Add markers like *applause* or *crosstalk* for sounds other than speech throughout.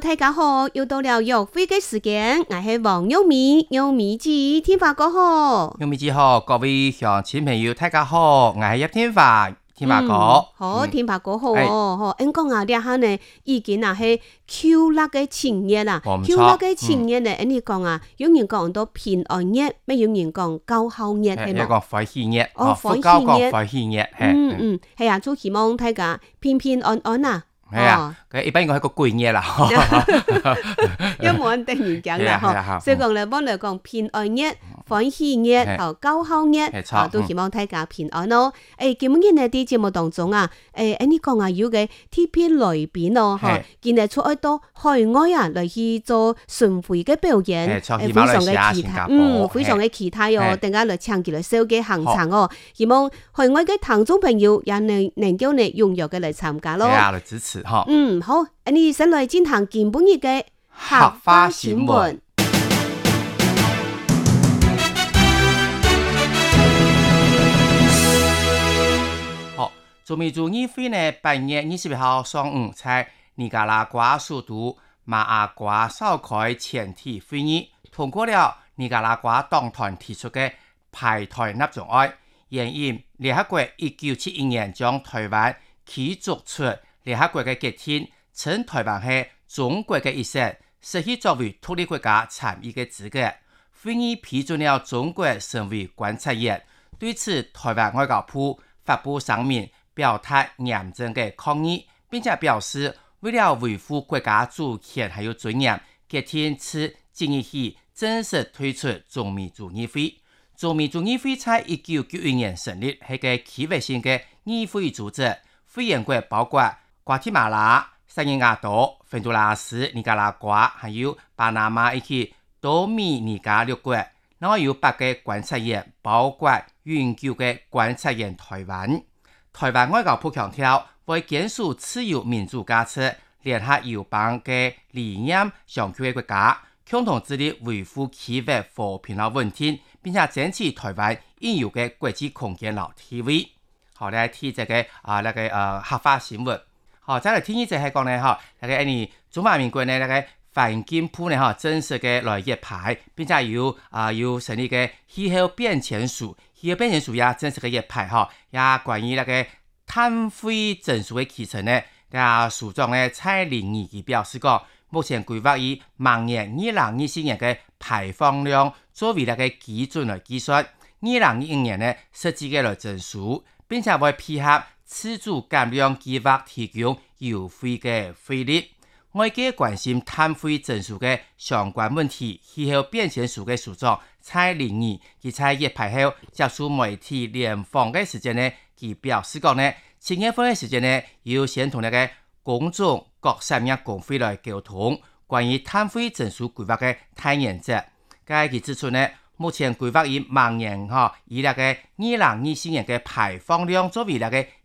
大家好，又到了約會嘅時間，我係黃玉米，玉米姐，天華哥好。玉米姐好，各位鄉親朋友大家好，我係葉天華，天華哥。好，天華哥好哦、嗯。哦，你講下咧下呢？意見啊，嗯嗯嗯、係 Q 辣嘅情日啦，Q 辣嘅情日呢？跟你講啊，有人講到平安日，乜有人講高考日。係咪？有人講快氣熱，哦，快氣熱，快氣熱，嗯、啊哦哦、嗯，係、嗯嗯、啊，就希望大家，平平安安啊。啊哦， *laughs* *laughs* 啊、哦，佢一般用喺個句嘢啦，因為冇安定語講嘅。所以講嚟幫你講，平安嘢、歡喜嘢、好、嗯、高興嘢、啊，都希望大家平安咯、哦。誒、欸，咁樣嘅啲節目當中啊，誒，y 江亞瑤嘅 T P 雷扁咯，吓、啊，建立、哦、出一多海外啊嚟去做巡回嘅表演，係非常嘅期待，嗯，嗯非常嘅期待喲、哦。大家嚟參加嚟收嘅行程哦，希望海外嘅聽眾朋友也能能夠嚟踴躍嘅嚟參加咯。嗯，好，你先嚟進行基本嘅荷花剪換。好，中美中義會嘅八月二十八號上午在尼加拉瓜首都馬亞瓜召開全體會議，通過了尼加拉瓜黨團提出嘅排台納狀案，承認聯合國一九七一年將台灣驅逐出。聯合國的決定稱台灣係中國的一省，失去作為獨立國家參與的資格，因而批准了中國成為觀察員。對此，台灣外交部發佈聲明，表態嚴正嘅抗議，並且表示為了維護國家主權還有尊嚴，決定自即日起正式退出中美洲議會。中美洲議會在一九九一年成立，係個區域性嘅議會組織，會員國包括。瓜地馬拉、薩爾瓦多、芬多拉斯、尼加拉瓜，還有巴拿馬以及多米尼加六國，然後有八個觀察員，包括永久的觀察員台灣。台灣外交部強調，為堅守自由民主價值，聯合友邦嘅理念相近的國家，共同致力維護企業和平嘅穩定，並且爭取台灣應有的國際空間。老 TV，好啦，聽一、這個啊，那、呃這個呃黑化新聞。哦，再來聽依就係講咧，哈、哦，大概 any，中華民國呢，那個環境部呢，哈、哦，正式嘅來揭牌，並且要啊要成立嘅氣候變遷署，氣候變遷署也正式嘅揭牌。哈、哦，也關於那個碳匯證書的期程呢，啊、呃，署長呢蔡玲儀佢表示講，目前規劃以明年二零二四年嘅排放量作為那個基準來計算，二零二五年呢，設置嘅來證書，並且會配合。自主減量計劃提供優惠嘅費率，外界關心碳費徵收嘅相關問題。氣候變遷署嘅署長蔡玲儀及蔡業排後接受媒體聯訪嘅時間呢，其表示講呢，七月份鐘嘅時間咧，要先同你個公眾各產業公會嚟溝通，關於碳費徵收規劃嘅坦然質。佢亦指出呢，目前規劃於明年哈以嚟嘅二零二四年嘅排放量作為嚟嘅。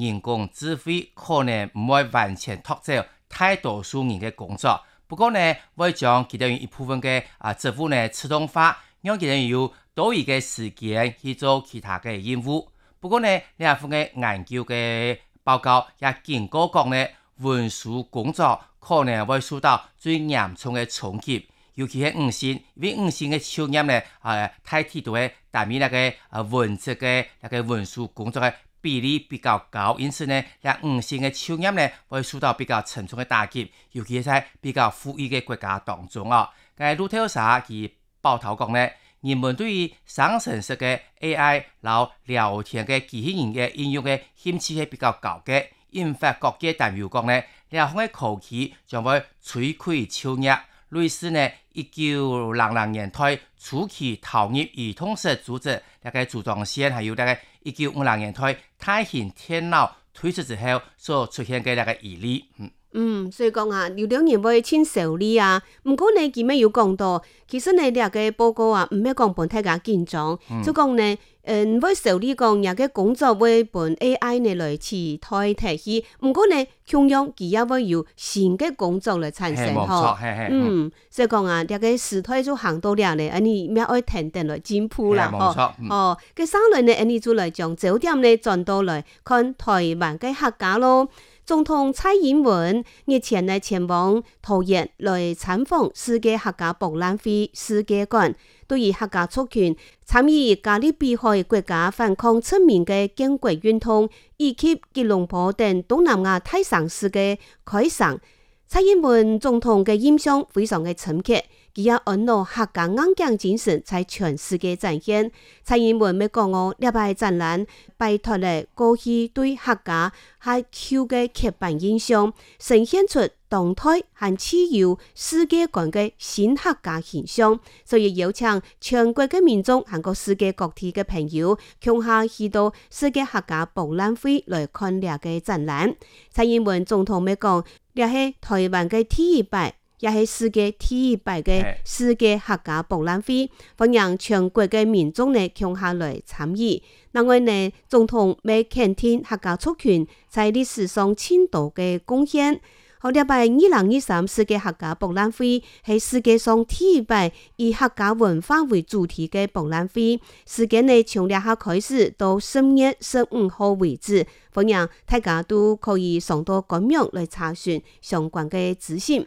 人工智慧可能唔會完全拓走大多數人嘅工作，不過呢會將其中一部分嘅啊職務呢自動化，讓佢哋有多餘嘅時間去做其他嘅任務。不過呢，呢一份嘅研究嘅報告也警告講呢文書工作可能會受到最嚴重嘅衝擊，尤其喺五星，因為五星嘅就業呢，誒、呃，太貼對下那個，啊、呃、文職嘅那個文書工作嘅。比例比較高，因此咧，咧唔少嘅就業咧會受到比較沉重嘅打擊，尤其喺比較富裕嘅國家當中哦。喺路透社及報道講咧，人們對於生成式嘅 AI 然後聊天嘅機器人嘅應用嘅興趣係比較高嘅。引發國家擔憂講咧，咧個科技將會摧毀就業，類似咧一九六六年推初期投入兒童式組織，一個組裝線係有個。一九五六年推大型電腦推出之後所出現的一個疑慮，嗯，所以講啊，有兩年會簽手啲啊，唔過呢，前面有講到，其實呢，啲個報告啊，唔咩講本體嘅緊張，就講呢。嗯誒、嗯，唔會受呢個日嘅工作會憑 A I 呢，嚟取代體系，唔過呢，同樣佢也會有新的工作來產生吼，嗯，所以講啊，日個時代就行多了呢。而你咪要停定來進步啦。吼、嗯，哦，第三輪呢，而你就來將焦點呢轉到來看台灣嘅客家咯。總統蔡英文日前呢前往桃園來參訪世界客家博覽會世界館。對於客家族群，參與加勒比海國家反抗殖民嘅建國運動，以及吉隆坡等東南亞大城市嘅開展，蔡英文總統嘅印象非常嘅深刻。伊也安諾客家硬頸精神在全世界展現，蔡英文要講哦，列擺展覽擺脱了過去對客家乞巧嘅刻板印象，呈現出動態含自由世界觀嘅新客家形象。所以邀請全國嘅民眾含各世界各地嘅朋友，共下去到世界客家博覽會來看列嘅展覽。蔡英文，總統要講，這是台灣嘅第一擺。也係世界第一擺嘅世界客家博覽會，歡、hey. 迎全國嘅民眾呢，共下來參與。另外呢，總統未肯定客家族群在歷史上遷徙嘅貢獻，我哋辦二零二三世界客家博覽會，係世界上第一擺以客家文化為主題嘅博覽會。時間呢，從呢下開始到十月十五號為止，歡迎大家都可以上到官網來查詢相關嘅資訊。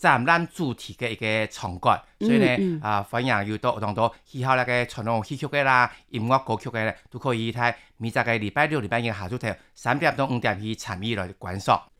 站咱主題嘅一個場館，所以咧，啊、嗯，歡、嗯、迎、呃、有到學堂度喜好那個傳統戲曲的啦、音樂歌曲的咧，都可以在明早個禮拜六、禮拜日下晝睇，三點到五點去參與嚟觀賞。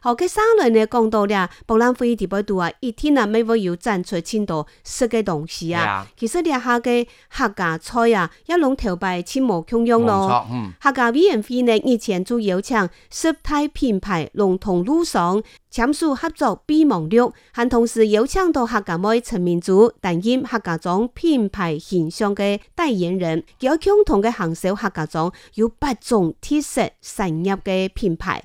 好，佢三輪呢講到啦，博覽會啲百度啊，一天啊，每份有展出千多。食個同時啊，其實呢，下個客家菜啊，一籠頭擺千毛香香咯。客家委員會呢日前就邀請十大品牌龍頭路上簽署合作備忘錄，還同時邀請到客家妹陳明珠擔任客家莊品牌形象嘅代言人，叫共同嘅行銷客家莊有八種特色深入嘅品牌。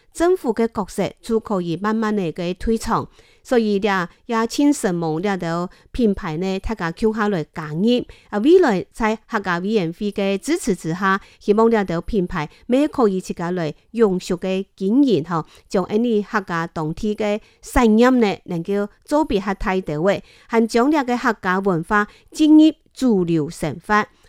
政府的角色就可以慢慢的嘅退場，所以咧也請承蒙呢啲品牌呢，大家接下來加入，而未來在客家委員會嘅支持之下，希望呢啲品牌們可以自己來永續的經營嗬，將呢客家當地的聲音呢，能夠做別客態到位，還將呢嘅客家文化進入主流文發。.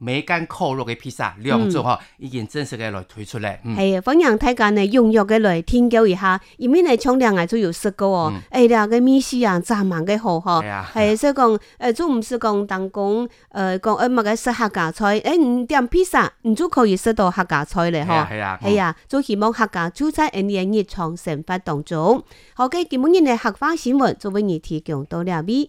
梅乾扣肉嘅披薩兩種哈，已經正式的來推出嚟。係啊，歡迎大家呢踴躍的來添加一下，而面的醬料啊，都要食嘅哦，誒，兩個米絲啊，炸滿嘅好嗬。係啊，所以講誒，做、嗯、唔是講單講誒，講乜嘅食客家菜？誒、欸、唔、嗯、點披薩，唔足可以食到客家菜咧嗬。係啊，係啊，就希望客家就在你嘅日常生活當中。好嘅，今日的客家新聞就為你提供到呢邊。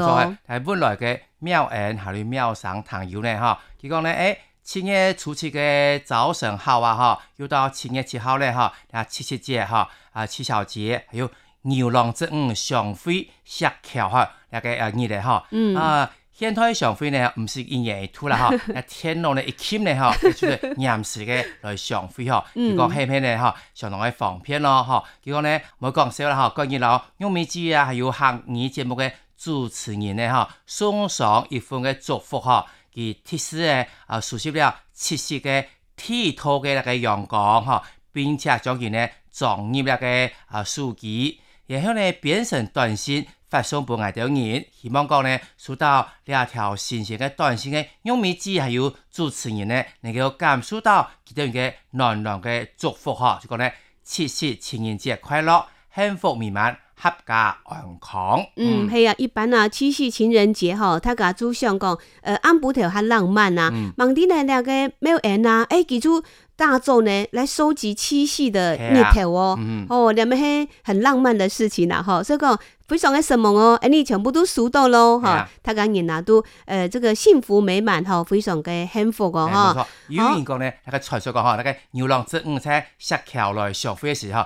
就係係本來嘅妙恩下妙聲朋友咧嚇，結果咧誒，七月初七嘅早晨好啊嚇，又到七月七號咧嚇，啊七夕節。嚇，啊七小節，還有牛郎織女上飛石橋嚇、啊，一個誒二嚟嚇，啊、嗯、天台上飛呢。唔是年年而吐啦嚇，啊 *laughs* 天龍咧一傾咧嚇，就係臨時嘅來上飛嚇，佢講偏偏呢。嚇，上龍去防偏咯嚇，結、就、果、是、呢，冇講笑啦嚇，今日啊，我未注意啊，係有客語節目嘅。主持人咧嚇送上一份嘅祝福嚇，而特使咧啊熟悉了七夕嘅剔透嘅嗰個陽光嚇，並且將佢咧藏入嗰個啊書記，然後咧編成短信發送俾 𠊎 等人，希望講咧收到呢一條新鮮嘅短信嘅，因為只還有主持人咧能夠感受到佢哋嘅暖暖嘅祝福嚇，就講咧七夕情人節快樂，幸福美滿。合家安康，嗯係、嗯、啊，一般啊七夕情人節嗬、哦，家祖上講，呃暗補條吓浪漫啊，望啲咧兩個沒有緣啊，誒、哎、記住大眾咧嚟收集七夕的念頭哦、啊，哦，兩咩係很浪漫的事情啦、啊，哈、哦，所以講非常嘅神夢哦，誒、欸、你全部都收到咯，哈、啊，佢、啊、家人啊都呃這個幸福美滿嗬，非常嘅幸福嘅、哦、哈，有言講咧，一個、哦、傳說講哈，那個牛郎織女在石橋來相會嘅時候。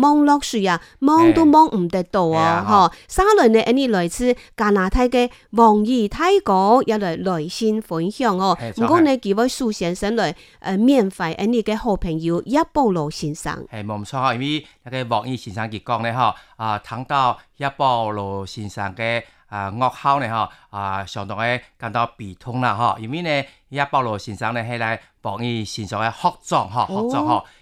望落水啊，望都望唔、欸、得到、哦、啊！嗬、哦，沙倫呢？呢來自加拿大嘅黃宇、大哥又來來信分享哦。唔過呢幾位蘇先生來誒、呃，免費呢嘅好朋友葉保羅先生，係冇錯，因為個、呃、一個黃宇先生佢講呢嗬，啊、呃，聽到葉保羅先生嘅啊噩耗呢嗬，啊、呃，相當嘅感到悲痛啦，嗬、呃呃，因為呢葉保羅先生呢喺嚟黃宇先生嘅合作，嗬，合作，嗬。哦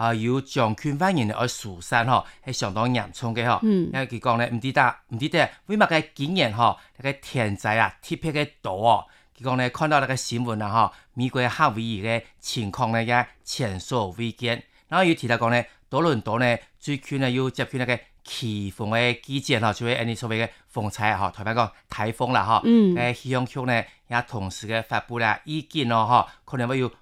啊，要強權翻嚟去屠殺，嗬，係相當嚴重嘅，嗬。因為佢講咧唔知得唔知得，緬甸嘅經驗，嗬，嘅天災啊，特別嘅多啊，佢講咧看到嗰個新聞啊，嗬，美國夏威夷嘅情況咧也前所未見。然後又提到講咧，多、嗯、倫多咧最近咧要接近一個起風嘅季節嗬，就誒，你所謂嘅風災、啊，嗬，台灣講台風啦、啊，嗬、嗯，誒、哎，氣象局咧也同時嘅發布啦意見咯，嗬，可能會有。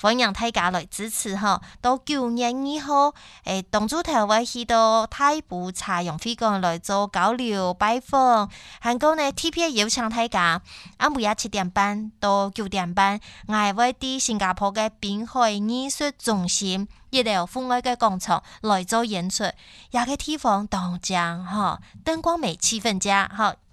歡迎大家來支持吼！到九月二號，誒，鄧祖濤會去到大埔茶陽會館來做交流拜訪，韓國呢 T.P.A 邀請大家啊，每日七點半到九點半，也會在新加坡嘅濱海藝術中心，一樓戶外嘅廣場來做演出，有個地方都正哈，燈光美氣氛佳哈。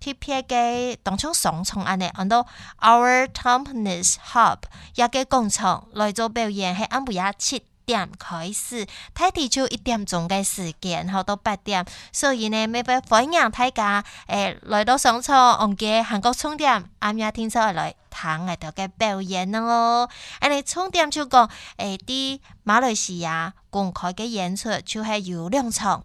T.P.A. 嘅當涌上場，我哋按到 Our Tampines Hub 一個廣場來做表演，喺晏午夜七點開始，睇地球一點鐘嘅時間，後到八點。所以呢，每位歡迎大家誒、欸、來到上場，我哋韓國充電，啱啱聽出來等喺度嘅表演咯。我哋充電就講誒，啲、欸、馬來西亞公開嘅演出就係有兩場。